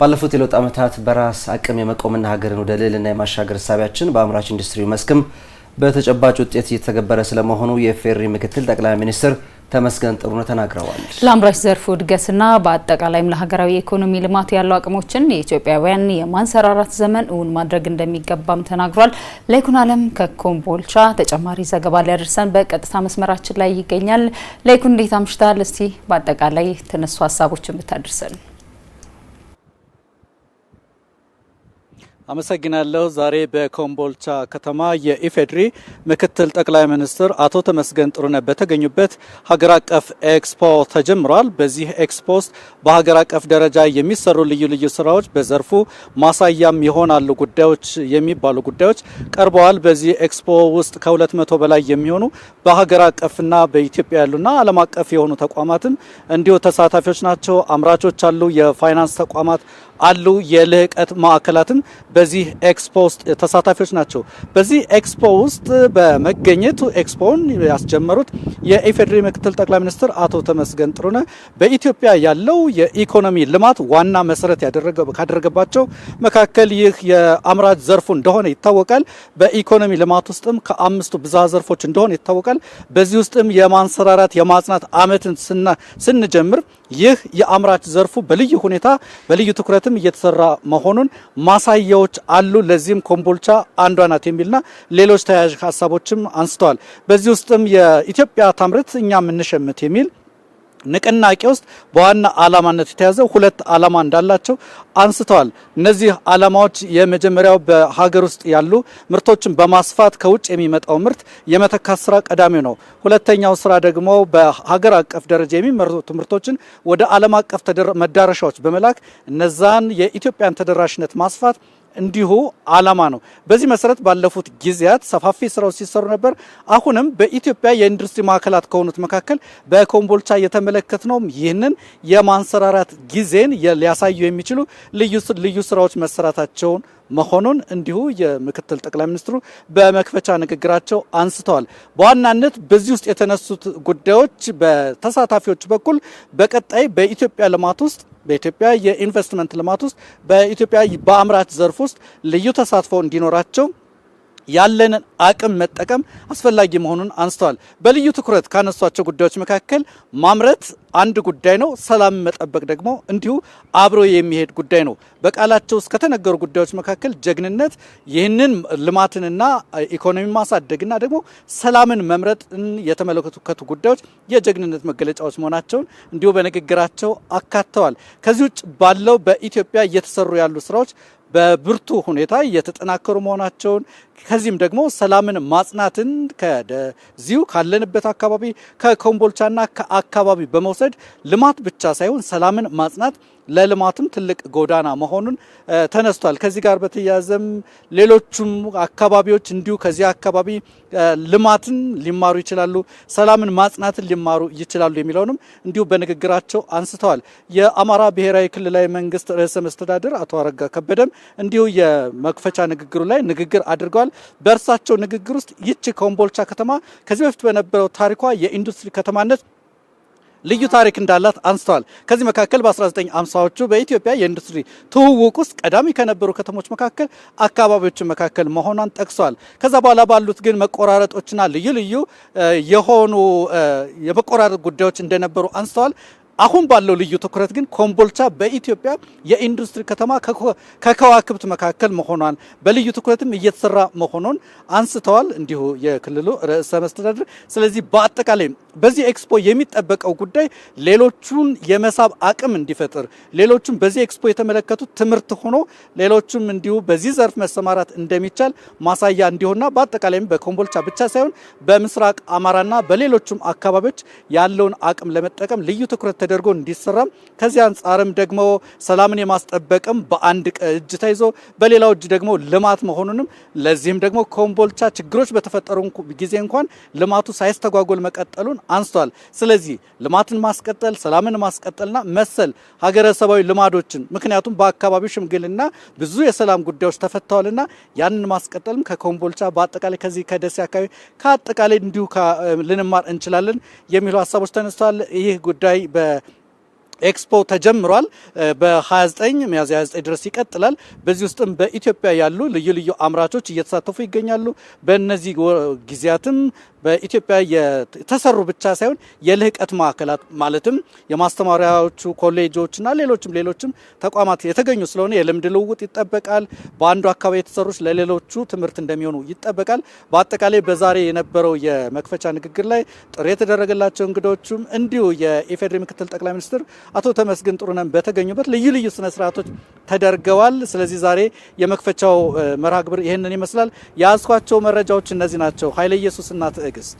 ባለፉት የለውጥ ዓመታት በራስ አቅም የመቆምና ሀገርን ወደ ልዕልና የማሻገር ሳቢያችን በአምራች ኢንዱስትሪ መስክም በተጨባጭ ውጤት እየተገበረ ስለመሆኑ የኢፌዴሪ ምክትል ጠቅላይ ሚኒስትር ተመስገን ጥሩነህ ተናግረዋል። ለአምራች ዘርፉ እድገትና በአጠቃላይም ለሀገራዊ የኢኮኖሚ ልማት ያለው አቅሞችን የኢትዮጵያውያን የማንሰራራት ዘመን እውን ማድረግ እንደሚገባም ተናግሯል። ላይኩን አለም ከኮምቦልቻ ተጨማሪ ዘገባ ሊያደርሰን በቀጥታ መስመራችን ላይ ይገኛል። ላይኩን እንዴት አምሽታል? እስቲ በአጠቃላይ ተነሱ ሀሳቦችን ብታደርሰን አመሰግናለሁ። ዛሬ በኮምቦልቻ ከተማ የኢፌድሪ ምክትል ጠቅላይ ሚኒስትር አቶ ተመስገን ጥሩነህ በተገኙበት ሀገር አቀፍ ኤክስፖ ተጀምሯል። በዚህ ኤክስፖ ውስጥ በሀገር አቀፍ ደረጃ የሚሰሩ ልዩ ልዩ ስራዎች በዘርፉ ማሳያም ይሆናሉ ጉዳዮች የሚባሉ ጉዳዮች ቀርበዋል። በዚህ ኤክስፖ ውስጥ ከሁለት መቶ በላይ የሚሆኑ በሀገር አቀፍና በኢትዮጵያ ያሉና ዓለም አቀፍ የሆኑ ተቋማትም እንዲሁ ተሳታፊዎች ናቸው። አምራቾች አሉ፣ የፋይናንስ ተቋማት አሉ የልህቀት ማዕከላትም በዚህ ኤክስፖ ውስጥ ተሳታፊዎች ናቸው። በዚህ ኤክስፖ ውስጥ በመገኘቱ ኤክስፖውን ያስጀመሩት የኢፌዴሪ ምክትል ጠቅላይ ሚኒስትር አቶ ተመስገን ጥሩነ በኢትዮጵያ ያለው የኢኮኖሚ ልማት ዋና መሰረት ካደረገባቸው መካከል ይህ የአምራች ዘርፉ እንደሆነ ይታወቃል። በኢኮኖሚ ልማት ውስጥም ከአምስቱ ብዝሃ ዘርፎች እንደሆነ ይታወቃል። በዚህ ውስጥም የማንሰራራት የማጽናት አመትን ስንጀምር ይህ የአምራች ዘርፉ በልዩ ሁኔታ በልዩ ትኩረት በትኩረትም እየተሰራ መሆኑን ማሳያዎች አሉ። ለዚህም ኮምቦልቻ አንዷ ናት የሚልና ሌሎች ተያያዥ ሀሳቦችም አንስተዋል። በዚህ ውስጥም የኢትዮጵያ ታምርት እኛ ምንሸምት የሚል ንቅናቄ ውስጥ በዋና አላማነት የተያዘው ሁለት ዓላማ እንዳላቸው አንስተዋል። እነዚህ አላማዎች የመጀመሪያው በሀገር ውስጥ ያሉ ምርቶችን በማስፋት ከውጭ የሚመጣው ምርት የመተካት ስራ ቀዳሚው ነው። ሁለተኛው ስራ ደግሞ በሀገር አቀፍ ደረጃ የሚመረቱ ምርቶችን ወደ ዓለም አቀፍ መዳረሻዎች በመላክ እነዛን የኢትዮጵያን ተደራሽነት ማስፋት እንዲሁ አላማ ነው። በዚህ መሰረት ባለፉት ጊዜያት ሰፋፊ ስራዎች ሲሰሩ ነበር። አሁንም በኢትዮጵያ የኢንዱስትሪ ማዕከላት ከሆኑት መካከል በኮምቦልቻ እየተመለከት ነው። ይህንን የማንሰራራት ጊዜን ሊያሳዩ የሚችሉ ልዩ ስራዎች መሰራታቸውን መሆኑን እንዲሁ የምክትል ጠቅላይ ሚኒስትሩ በመክፈቻ ንግግራቸው አንስተዋል። በዋናነት በዚህ ውስጥ የተነሱት ጉዳዮች በተሳታፊዎች በኩል በቀጣይ በኢትዮጵያ ልማት ውስጥ በኢትዮጵያ የኢንቨስትመንት ልማት ውስጥ በኢትዮጵያ በአምራች ዘርፍ ውስጥ ልዩ ተሳትፎ እንዲኖራቸው ያለንን አቅም መጠቀም አስፈላጊ መሆኑን አንስተዋል። በልዩ ትኩረት ካነሷቸው ጉዳዮች መካከል ማምረት አንድ ጉዳይ ነው፣ ሰላም መጠበቅ ደግሞ እንዲሁ አብሮ የሚሄድ ጉዳይ ነው። በቃላቸው ውስጥ ከተነገሩ ጉዳዮች መካከል ጀግንነት፣ ይህንን ልማትንና ኢኮኖሚ ማሳደግና ደግሞ ሰላምን መምረጥን የተመለከቱ ጉዳዮች የጀግንነት መገለጫዎች መሆናቸውን እንዲሁ በንግግራቸው አካተዋል። ከዚህ ውጭ ባለው በኢትዮጵያ እየተሰሩ ያሉ ስራዎች በብርቱ ሁኔታ እየተጠናከሩ መሆናቸውን ከዚህም ደግሞ ሰላምን ማጽናትን ከዚሁ ካለንበት አካባቢ ከኮምቦልቻና ከአካባቢ በመውሰድ ልማት ብቻ ሳይሆን ሰላምን ማጽናት ለልማትም ትልቅ ጎዳና መሆኑን ተነስቷል። ከዚህ ጋር በተያያዘም ሌሎቹም አካባቢዎች እንዲሁ ከዚህ አካባቢ ልማትን ሊማሩ ይችላሉ፣ ሰላምን ማጽናትን ሊማሩ ይችላሉ የሚለውንም እንዲሁ በንግግራቸው አንስተዋል። የአማራ ብሔራዊ ክልላዊ መንግስት ርዕሰ መስተዳድር አቶ አረጋ ከበደም እንዲሁ የመክፈቻ ንግግሩ ላይ ንግግር አድርገዋል። በእርሳቸው ንግግር ውስጥ ይቺ ኮምቦልቻ ከተማ ከዚህ በፊት በነበረው ታሪኳ የኢንዱስትሪ ከተማነት ልዩ ታሪክ እንዳላት አንስተዋል። ከዚህ መካከል በ1950ዎቹ በኢትዮጵያ የኢንዱስትሪ ትውውቅ ውስጥ ቀዳሚ ከነበሩ ከተሞች መካከል አካባቢዎችን መካከል መሆኗን ጠቅሰዋል። ከዛ በኋላ ባሉት ግን መቆራረጦችና ልዩ ልዩ የሆኑ የመቆራረጥ ጉዳዮች እንደነበሩ አንስተዋል። አሁን ባለው ልዩ ትኩረት ግን ኮምቦልቻ በኢትዮጵያ የኢንዱስትሪ ከተማ ከከዋክብት መካከል መሆኗን በልዩ ትኩረትም እየተሰራ መሆኑን አንስተዋል እንዲሁ የክልሉ ርዕሰ መስተዳድር። ስለዚህ በአጠቃላይ በዚህ ኤክስፖ የሚጠበቀው ጉዳይ ሌሎቹን የመሳብ አቅም እንዲፈጥር፣ ሌሎቹም በዚህ ኤክስፖ የተመለከቱት ትምህርት ሆኖ ሌሎቹም እንዲሁ በዚህ ዘርፍ መሰማራት እንደሚቻል ማሳያ እንዲሆንና በአጠቃላይም በኮምቦልቻ ብቻ ሳይሆን በምስራቅ አማራና በሌሎቹም አካባቢዎች ያለውን አቅም ለመጠቀም ልዩ ትኩረት ተደርጎ እንዲሰራም ከዚህ አንጻርም ደግሞ ሰላምን የማስጠበቅም በአንድ እጅ ተይዞ በሌላው እጅ ደግሞ ልማት መሆኑንም ለዚህም ደግሞ ኮምቦልቻ ችግሮች በተፈጠሩ ጊዜ እንኳን ልማቱ ሳይስተጓጎል መቀጠሉን አንስቷል። ስለዚህ ልማትን ማስቀጠል፣ ሰላምን ማስቀጠልና መሰል ሀገረሰባዊ ልማዶችን ምክንያቱም በአካባቢው ሽምግልና ብዙ የሰላም ጉዳዮች ተፈተዋልና ያንን ማስቀጠልም ከኮምቦልቻ በአጠቃላይ ከዚህ ከደሴ አካባቢ ከአጠቃላይ እንዲሁ ልንማር እንችላለን የሚሉ ሀሳቦች ተነስተዋል። ይህ ጉዳይ ኤክስፖ ተጀምሯል። በ29 ሚያዝያ 29 ድረስ ይቀጥላል። በዚህ ውስጥም በኢትዮጵያ ያሉ ልዩ ልዩ አምራቾች እየተሳተፉ ይገኛሉ። በእነዚህ ጊዜያትም በኢትዮጵያ የተሰሩ ብቻ ሳይሆን የልህቀት ማዕከላት ማለትም የማስተማሪያዎቹ ኮሌጆችና ሌሎችም ሌሎችም ተቋማት የተገኙ ስለሆነ የልምድ ልውውጥ ይጠበቃል። በአንዱ አካባቢ የተሰሩች ለሌሎቹ ትምህርት እንደሚሆኑ ይጠበቃል። በአጠቃላይ በዛሬ የነበረው የመክፈቻ ንግግር ላይ ጥሪ የተደረገላቸው እንግዶቹም እንዲሁ የኢፌዴሪ ምክትል ጠቅላይ ሚኒስትር አቶ ተመስገን ጥሩነን በተገኙበት ልዩ ልዩ ስነ ስርዓቶች ተደርገዋል። ስለዚህ ዛሬ የመክፈቻው መርሃ ግብር ይህንን ይመስላል። የያዝኳቸው መረጃዎች እነዚህ ናቸው። ኃይለ ኢየሱስና ትዕግስት